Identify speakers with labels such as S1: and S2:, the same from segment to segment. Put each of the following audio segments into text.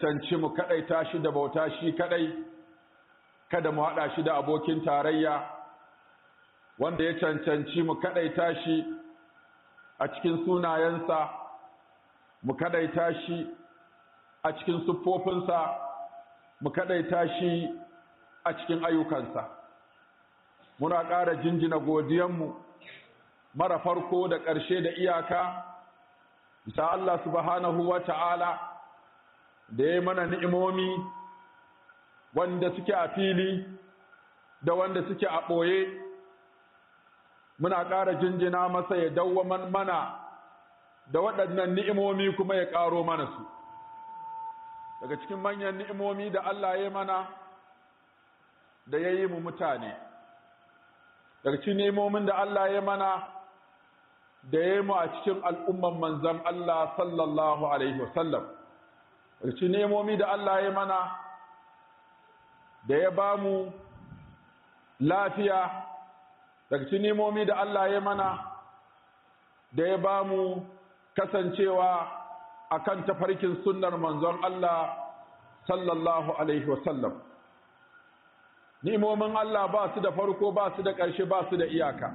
S1: tanci mu kadai tashi da bauta shi kadai kada mu hada shi da abokin tarayya wanda ya cancanci mu kadai tashi a cikin sunayensa mu kadai tashi a cikin siffofinsa mu kadai tashi a cikin ayyukansa muna ƙara jinjina godiyanmu mara farko da ƙarshe da iyaka bisa Allah subhanahu wa ta'ala da ya mana ni'imomi wanda suke a fili da wanda suke a ɓoye muna ƙara jinjina masa ya dawwaman mana da waɗannan ni'imomi kuma ya ƙaro mana su daga cikin manyan ni'imomi da Allah ya mana da ya yi mu mutane daga cikin ni'imomin da Allah ya mana da ya yi mu a cikin al'umman manzan Allah sallallahu Alaihi wasallam ci nemomi da Allah ya mana da ya ba mu lafiya daga ci nemomi da Allah ya mana da ya ba mu kasancewa a kan tafarkin sunnar manzon Allah sallallahu alaihi wasallam ni'imomin Allah ba su da farko ba su da ƙarshe ba su da iyaka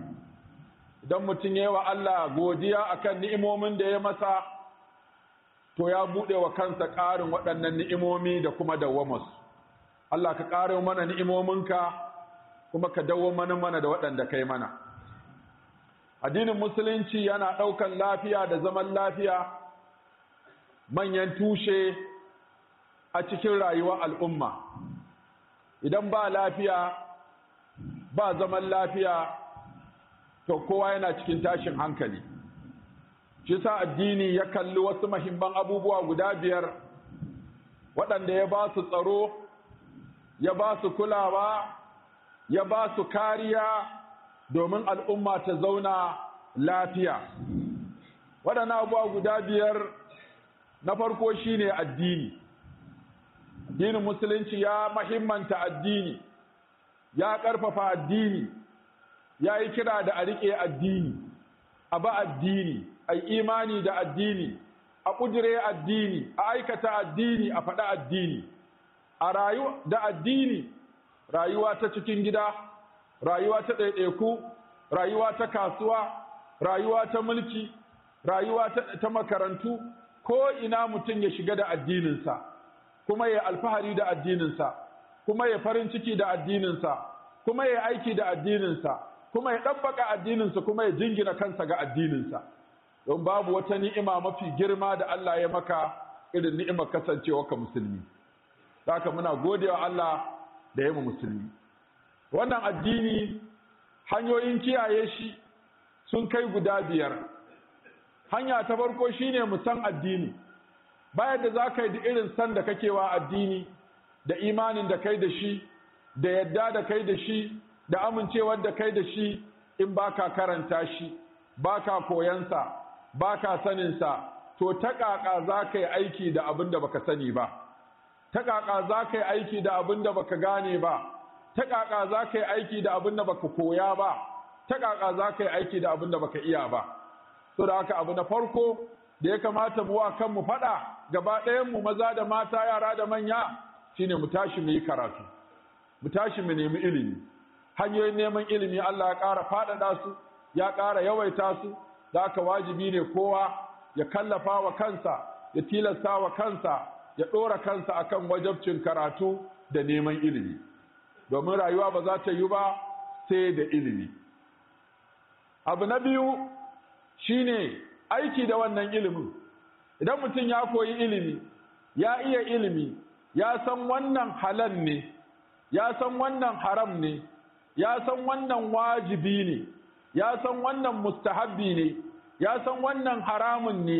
S1: idan mutum yayi wa Allah godiya akan ni'imomin da ya masa to ya buɗe wa kansa ƙarin waɗannan ni'imomi da kuma dawwamas Allah ka ƙare mana ni'imominka kuma ka dawo mana mana da waɗanda kai mana addinin musulunci yana ɗaukan lafiya da zaman lafiya manyan tushe a cikin rayuwar al'umma idan ba lafiya ba zaman lafiya to kowa yana cikin tashin hankali shi sa addini ya kalli wasu mahimman abubuwa guda biyar waɗanda ya ba su tsaro ya ba su kulawa ya ba su kariya domin al'umma ta zauna lafiya waɗannan abubuwa guda biyar na farko shine addini addinin musulunci ya mahimmanta addini ya ƙarfafa addini ya yi kira da a riƙe addini a ba addini a imani da addini a ƙudire addini a aikata addini a faɗa addini a rayu da addini rayuwa ta cikin gida rayuwa ta ɗaiɗaiku rayuwa ta kasuwa rayuwa ta mulki rayuwa ta makarantu ko ina mutum ya shiga da addininsa kuma ya alfahari da addininsa kuma ya farin ciki da addininsa kuma ya aiki da addininsa kuma ya ɗabbaƙa addininsa kuma ya jingina kansa ga addininsa don babu wata ni'ima mafi girma da Allah ya maka irin ni'imar kasancewa ka musulmi haka muna godewa Allah da ya mu musulmi wannan addini hanyoyin kiyaye shi sun kai guda biyar hanya ta farko shine mu san addini bayan da za ka yi da irin san da kake wa addini da imanin da kai da shi da yadda da kai da shi da amincewar da kai da shi in baka karanta shi baka ka koyansa ba ka saninsa to ta ƙaƙa za ka yi aiki da abin da baka sani ba ta ƙaƙa za ka yi aiki da abin da baka gane ba ta ƙaƙa za ka yi aiki da abin da baka koya ba ta ƙaƙa za ka yi aiki da abin da baka iya ba so da haka abu na farko da ya kamata mu wa kanmu faɗa gaba ɗayanmu maza da mata yara da manya shine mu tashi mu yi karatu mu tashi mu nemi ilimi hanyoyin neman ilimi Allah ya ƙara faɗaɗa su ya ƙara yawaita su da ka wajibi ne kowa ya kallafa wa kansa ya tilasta wa kansa ya ɗora kansa akan wajabcin karatu da neman ilimi domin rayuwa ba za ta yi ba sai da ilimi abu na biyu shine aiki da wannan ilimin idan mutum ya koyi ilimi ya iya ilimi ya san wannan halal ne ya san wannan haram ne ya san wannan wajibi ne ya san wannan mustahabbi ne ya san wannan haramun ne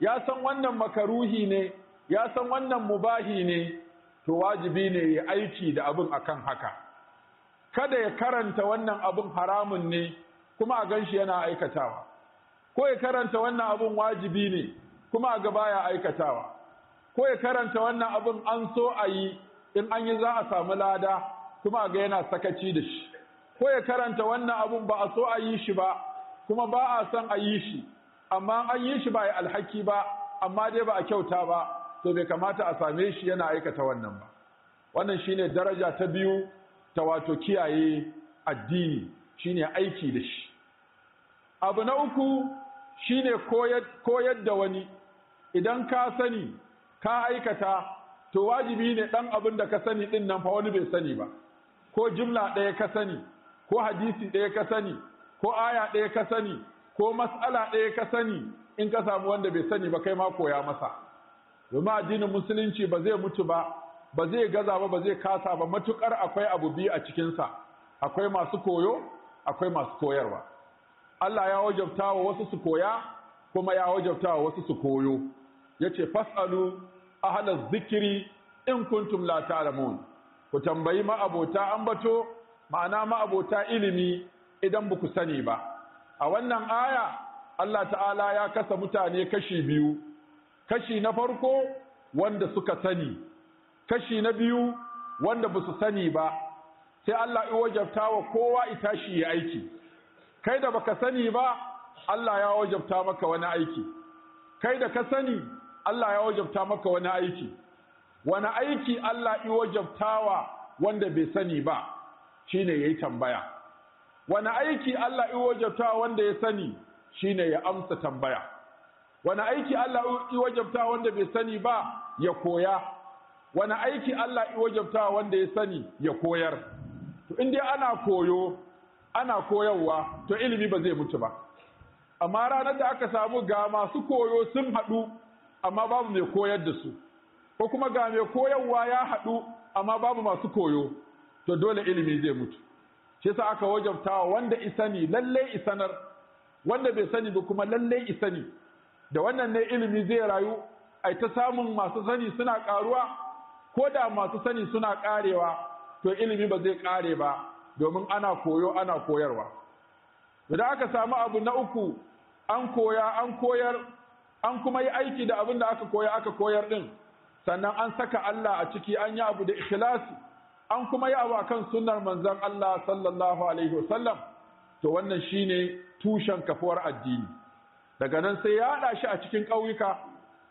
S1: ya san wannan makaruhi ne ya san wannan mubahi ne to wajibi ne ya aiki da abin akan haka kada ya karanta wannan abin haramun ne kuma a ganshi yana aikatawa ko ya karanta wannan abin wajibi ne kuma a gaba ya aikatawa ko ya karanta wannan abin an so a yi in an yi za a samu lada kuma a ga yana sakaci da shi ko ya karanta wannan abun ba a so a yi shi ba kuma ba a son a yi shi amma an yi shi ba ya alhaki ba amma dai ba a kyauta ba to bai kamata a same shi yana aikata wannan ba wannan shine daraja ta biyu ta wato kiyaye addini shine aiki da shi abu na uku shine koyar da wani idan ka sani ka aikata to wajibi ne ɗan abin da ka sani din nan fa wani bai sani ba ko jimla ɗaya ka sani ko hadisi ɗaya ka sani ko aya ɗaya ka sani ko mas'ala ɗaya ka sani in ka samu wanda bai sani ba kai ma koya masa domin addinin musulunci ba zai mutu ba ba zai gaza ba ba zai kasa ba matukar akwai abu biyu a cikinsa akwai masu koyo akwai masu koyarwa Allah ya wajabta wa wasu su koya kuma ya wajabta wa wasu su koyo Ya yace fasalu ahla zikiri in kuntum la ta'lamun ku tambayi ma abota bato. ma'ana ma'abota ilimi idan ba ku sani ba a wannan aya Allah ta'ala ya kasa mutane kashi biyu kashi na farko wanda suka sani kashi na biyu wanda ba su sani ba sai Allah ya wajabta wa kowa itashi ya aiki kai da baka sani ba Allah ya wajabta maka wani aiki kai da ka sani Allah ya wajabta maka wani aiki wani aiki Allah ya wa wanda bai sani ba shine yi tambaya wani aiki Allah i wanda ya sani shine ya amsa tambaya wani aiki Allah i wanda bai sani ba ya koya wani aiki Allah iwajabta wanda ya sani ya koyar to in dai ana koyo ana koyarwa to ilimi ba zai mutu ba amma ranar da aka samu ga masu koyo sun haɗu amma babu mai koyar da su ko kuma ga mai koyarwa ya haɗu amma babu masu koyo to dole ilimi zai mutu shi yasa aka wajabta wanda isani lalle isanar wanda bai sani ba kuma lalle isani da wannan ne ilimi zai rayu ai ta samun masu sani suna karuwa ko da masu sani suna karewa to ilimi ba zai kare ba domin ana koyo ana koyarwa idan aka samu abu na uku an koya an koyar an kuma yi aiki da abin da aka koya aka koyar din sannan an saka Allah a ciki an yi abu da ikhlasi an kuma yi abu kan sunnar manzan Allah sallallahu alaihi wasallam to wannan shi ne tushen kafuwar addini daga nan sai ya haɗa shi a cikin ƙauyuka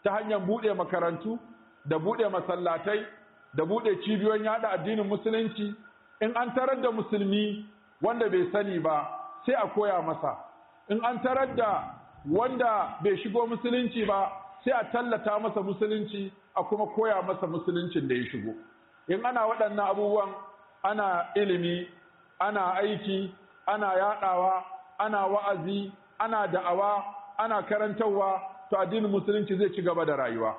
S1: ta hanyar buɗe makarantu da buɗe masallatai da buɗe cibiyoyin yaɗa addinin musulunci in an tarar da musulmi wanda bai sani ba sai a koya masa in an tarar da wanda bai shigo musulunci ba sai a tallata masa musulunci a kuma koya masa musuluncin da ya shigo in ana waɗannan abubuwan ana ilimi ana aiki ana yaɗawa ana wa'azi ana da'awa ana karantarwa to addinin musulunci zai ci gaba da rayuwa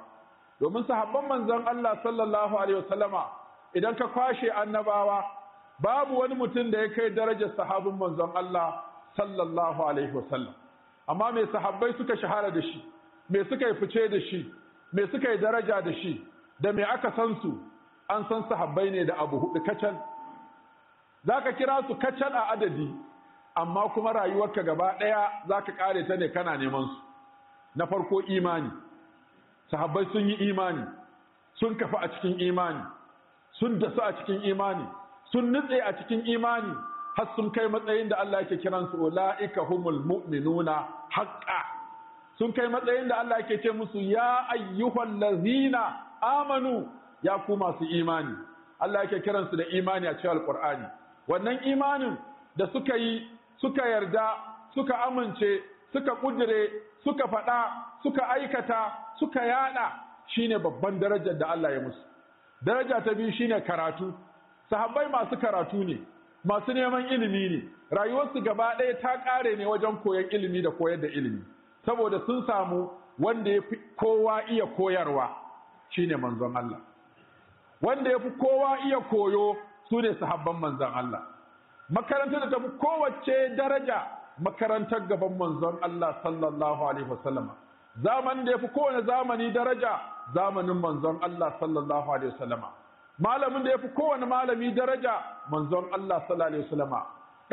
S1: domin sahabban manzon Allah sallallahu alaihi wasallama idan ka kwashe annabawa babu wani mutum da ya kai darajar sahabin manzon Allah sallallahu alaihi wasallam amma me sahabbai suka shahara da shi me suka yi fice da shi me suka yi daraja da shi da me aka san su an san sahabbai ne da abu hudu kacal za ka kira su kacal a adadi amma kuma rayuwarka gaba ɗaya za ka ƙare ta ne kana neman su na farko imani sahabbai sun yi imani sun kafa a cikin imani sun dasu a cikin imani sun nutse a cikin imani har sun kai matsayin da Allah yake kiransu ula'ika humul mu'minuna haqqa sun kai matsayin da Allah yake ce musu ya ayyuhal lazina amanu ya ku masu imani Allah yake kiransu da imani a cikin alqur'ani wannan imanin da suka yi suka yarda suka amince suka kudire suka faɗa suka aikata suka yada shine babban darajar da Allah ya musu daraja ta biyu shine karatu sahabbai masu karatu ne masu neman ilimi ne rayuwarsu gaba ɗaya ta ƙare ne wajen koyon ilimi da koyar da ilimi saboda sun samu wanda ya fi kowa iya koyarwa shine manzon Allah wanda ya fi kowa iya koyo su ne sahabban manzan Allah makarantar da ta fi kowace daraja makarantar gaban manzon Allah sallallahu alaihi wasallama zamanin da ya fi kowane zamani daraja zamanin manzon Allah sallallahu alaihi wasallama malamin da ya fi kowane malami daraja manzon Allah sallallahu alaihi wasallama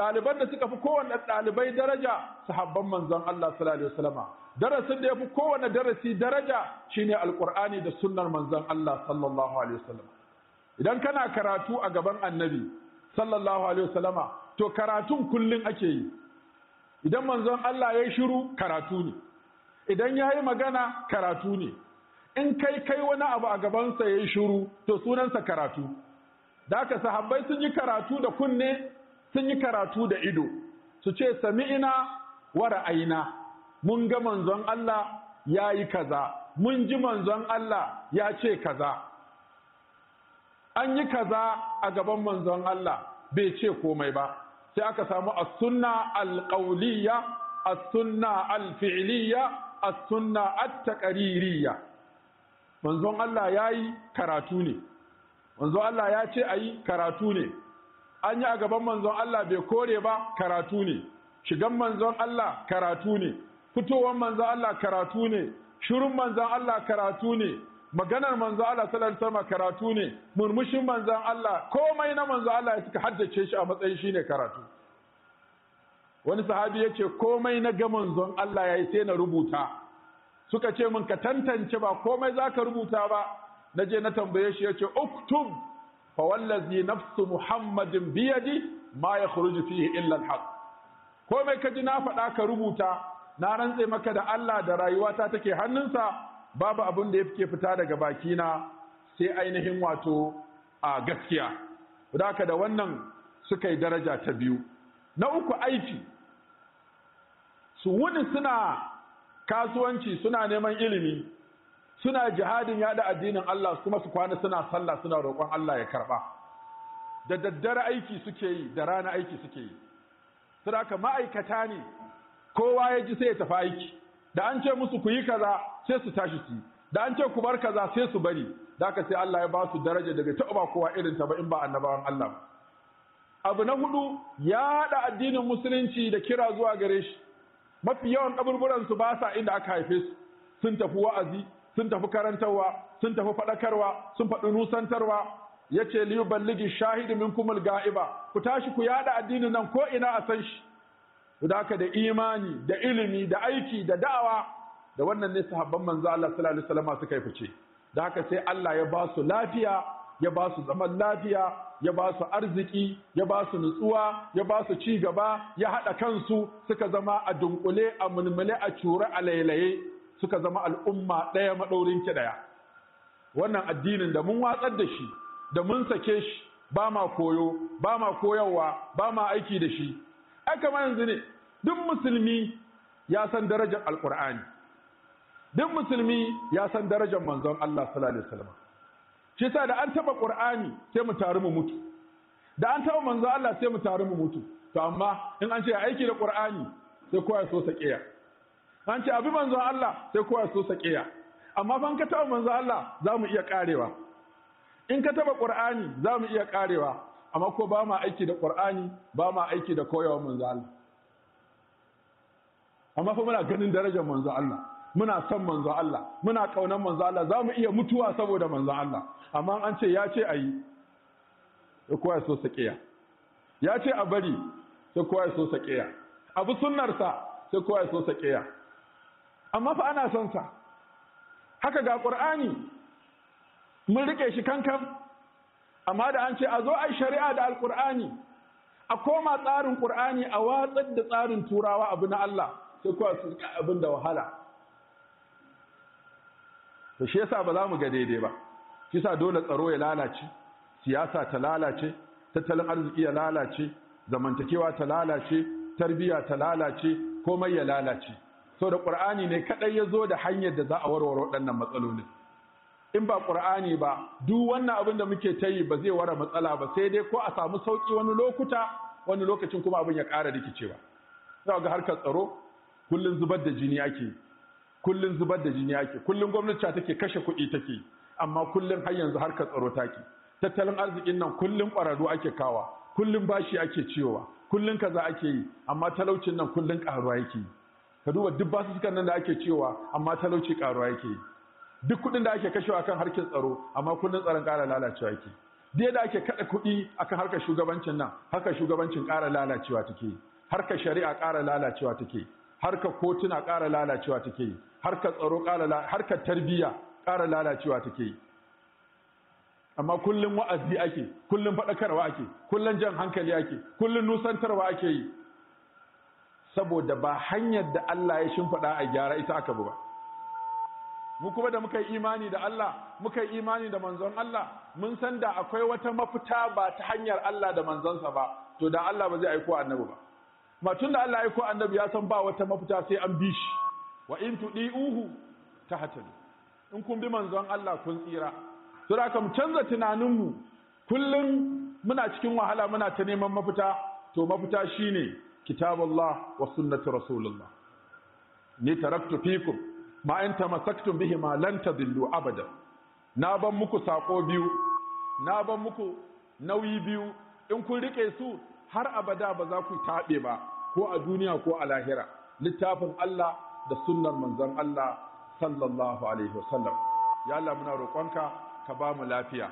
S1: ɗaliban da suka fi kowane ɗalibai daraja sahabban manzon Allah sallallahu alaihi wasallama darasin da ya fi kowane darasi daraja shine Alƙur'ani da sunnar manzon Allah sallallahu alaihi wasallama idan kana karatu a gaban annabi sallallahu alaihi wasallama to karatun kullun ake yi idan manzon Allah ya shiru karatu ne idan ya yi magana karatu ne in kai kai wani abu a gabansa ya yi shiru to sunansa karatu da sahabbai sun yi karatu da kunne sun yi karatu da ido su ce sami'ina wa ra'ayina mun ga manzon Allah yayi kaza mun ji manzon Allah ya ce kaza an yi kaza a gaban manzon Allah bai ce komai ba sai aka samu as-sunna al-qawliya as-sunna al-fi'liya as-sunna at-taqririyya manzon Allah yayi karatu ne manzon Allah ya ce ayi karatu ne an yi a gaban manzon Allah bai kore ba karatu ne shigan manzon Allah karatu ne fitowar manzon Allah karatu ne shirin manzon Allah karatu ne maganar manzo Allah sallallahu alaihi wasallam karatu ne murmushin manzon Allah komai na manzo Allah ya suka haddace shi a matsayin shine karatu wani sahabi yace komai na ga manzon Allah yayi sai na rubuta suka ce min ka tantance ba komai zaka rubuta ba naje na tambaye shi yace uktub fa wallazi nafsu muhammadin biyadi ma khuruju fihi illa alhaq komai ka ji na faɗa ka rubuta na rantse maka da Allah da rayuwata take hannunsa babu abin da ya fi fita daga bakina sai ainihin wato a gaskiya ka da wannan suka yi daraja ta biyu na uku aiki su wuni suna kasuwanci suna neman ilimi suna jihadin yada addinin Allah kuma su kwana suna sallah suna roƙon Allah ya karɓa. da daddare aiki suke yi da rana aiki suke yi ka ma'aikata ne kowa ya ji sai ya tafi aiki da an ce musu ku yi kaza sai su tashi su da an ce ku bar kaza sai su bari da ka sai Allah ya ba su daraja daga ta ba kowa irin ta ba in ba annabawan Allah abu na hudu ya da addinin musulunci da kira zuwa gare shi mafi yawan kaburburan su ba sa inda aka haife su sun tafi wa'azi sun tafi karantarwa sun tafi fadakarwa sun faɗi nusantarwa yace li yuballigi shahidu minkum al-ga'iba ku tashi ku yada addinin nan ko ina a san shi da aka da imani da ilimi da aiki da da'awa da wannan ne sahabban manzo Allah sallallahu alaihi wasallam suka yi fice da haka sai Allah ya ba su lafiya ya ba su zaman lafiya ya ba su arziki ya ba su nutsuwa ya ba su ci gaba ya hada kansu suka zama a dunkule a mulmule a cure a lailaye suka zama al'umma ɗaya maɗaurin ki ɗaya wannan addinin da mun watsar da shi da mun sake shi ba ma koyo ba ma koyarwa ba ma aiki da shi aka ma yanzu ne duk musulmi ya san darajar alkur'ani duk musulmi ya san darajar manzon Allah sallallahu alaihi wasallam shi yasa da an taba qur'ani sai mu taru mu mutu da an taba manzon Allah sai mu taru mu mutu to amma in an ce aiki da qur'ani sai kowa ya so sakiya an ce abi manzon Allah sai kowa ya so sakiya amma fa ka taba manzon Allah za mu iya karewa in ka taba qur'ani za mu iya karewa amma ko ba ma aiki da qur'ani ba ma aiki da koyawar manzon Allah amma fa muna ganin darajar manzon Allah muna son manzo Allah muna kaunan manzo Allah za mu iya mutuwa saboda manzo Allah amma an ce ya ce a yi da kowa so saƙiya ya ce a bari sai kowa so saƙiya abu sunnarsa sai kowa so saƙiya amma fa ana son sa haka ga ƙur'ani mun rike shi kankan amma da an ce a zo a shari'a da alƙur'ani a koma tsarin ƙur'ani a watsar da tsarin turawa abu na Allah sai kowa abin da wahala to shi yasa ba za mu ga daidai ba kisa dole tsaro ya lalace siyasa ta lalace tattalin arziki ya lalace zamantakewa ta lalace tarbiya ta lalace komai ya lalace so da qur'ani ne kadai zo da hanyar da za a warware waɗannan matsalolin in ba ƙur'ani ba duk wannan abin da muke ta yi ba zai ware matsala ba sai dai ko a samu sauki wani lokuta wani lokacin kuma abin ya ƙara rikicewa za ga harkar tsaro kullum zubar da jini ake kullun zubar da jini ake kullun gwamnati take kashe kuɗi take amma kullun har yanzu harkar tsaro take tattalin arzikin nan kullum ƙwararru ake kawa kullun bashi ake ciyowa kullun kaza ake yi amma talaucin nan kullun ƙaruwa yake yi ka duba duk basussukan nan da ake cewa amma talauci ƙaruwa yake yi duk kuɗin da ake kashewa kan harkar tsaro amma kullun tsaron ƙara lalacewa yake dai da ake kaɗa kuɗi akan harkar shugabancin nan harkar shugabancin ƙara lalacewa take harkar shari'a ƙara lalacewa take harkar kotuna ƙara lalacewa take harkar tsaro harkar tarbiyya ƙara lalacewa take yi amma kullum wa'azi ake kullum faɗakarwa ake kullum jan hankali ake kullum nusantarwa ake yi saboda ba hanyar da Allah ya shimfiɗa a gyara ita aka bi ba mu kuma da muka yi imani da Allah muka yi imani da manzon Allah mun san da akwai wata mafita ba ta hanyar Allah da manzonsa ba to da Allah ba zai aiko annabi ba matun tunda Allah ya aiko annabi ya san ba wata mafita sai an bi shi wa in ta tahtadu in kun bi manzon Allah kun tsira to da kam canza tunaninmu kullum muna cikin wahala muna ta neman mafita to mafita shine kitabullah wa sunnati rasulullah ni taraktu fikum ma in tamassaktum bihi ma lan tadillu abada na ban muku sako biyu na ban muku nauyi biyu in kun rike su har abada ba za ku taɓe ba ko a duniya ko a lahira littafin Allah da sunnar manzan Allah sallallahu alaihi wasallam ya Allah muna roƙonka ka ba mu lafiya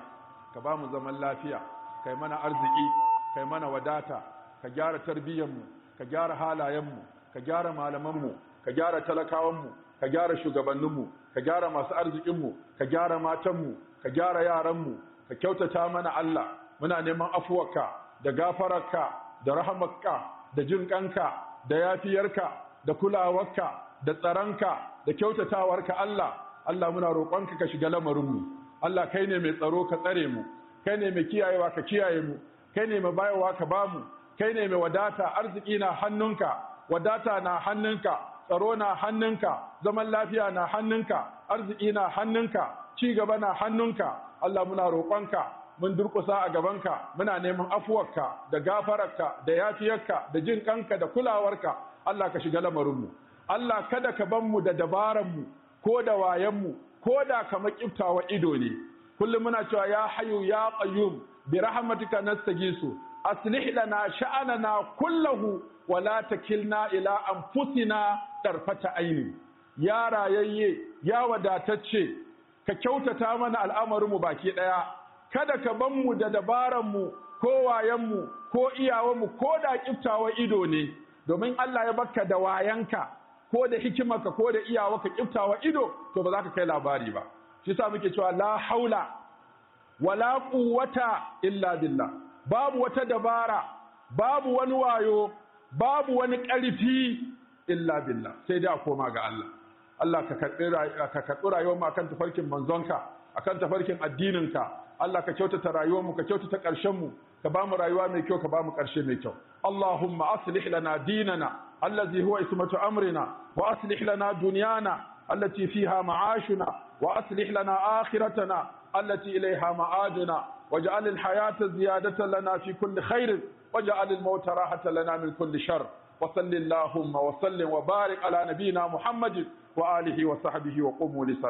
S1: ka ba mu zaman lafiya kai mana arziki kai mana wadata ka gyara tarbiyyanmu, ka gyara halayenmu ka gyara malamanmu ka gyara talakawanmu ka gyara shugabanninmu ka gyara masu arzikinmu ka gyara matanmu ka gyara yaranmu ka kyautata mana Allah muna neman afuwarka da gafararka da rahamarka da jinƙanka da yafiyarka da kulawarka da tsaranka, da kyautatawarka Allah Allah muna roƙonka ka shiga lamarinmu Allah kai ne mai tsaro ka tsare mu kai ne mai kiyayewa ka kiyaye mu kai ne mai bayarwa ka bamu kai ne mai wadata arziki na hannunka wadata na hannunka tsaro na hannunka zaman lafiya na hannunka arziki na hannunka ci gaba na hannunka Allah muna roƙonka mun durƙusa a gabanka muna neman afuwarka da gafararka da yafiyarka da jin kanka da kulawarka Allah ka shiga lamarin mu. Allah kada ka ban mu da dabaranmu ko da wayanmu ko da kamar kiftawa ido ne kullum muna cewa ya hayu ya qayyum bi rahmatika nastagisu aslih lana sha'anana kullahu wa la takilna ila anfusina tarfata aini ya rayayye ya wadatacce ka kyautata mana al'amarinmu baki daya kada ka ban mu da dabaran mu, ko wayan mu, ko iyawanmu ko da kiftawa ido ne domin Allah ya baka da wayanka ko da hikimarka ko da iyawa ka kiftawa ido to ba za ka kai labari ba shi sa muke cewa la haula wala quwwata illa billah babu wata dabara babu wani wayo babu wani ƙarfi illa billah sai dai a koma ga Allah Allah ka karɓi rayuwar mu akan tafarkin manzonka akan tafarkin addininka Allah ka kyautata rayuwar mu ka kyautata ƙarshen mu ka ba mu rayuwa mai kyau ka ba mu ƙarshe mai kyau Allahumma aslih lana dinana allazi huwa ismatu amrina وأصلح لنا دنيانا التي فيها معاشنا وأصلح لنا آخرتنا التي إليها معادنا واجعل الحياة زيادة لنا في كل خير واجعل الموت راحة لنا من كل شر وصل اللهم وسلم وبارك على نبينا محمد وآله وصحبه وقوموا لصلاة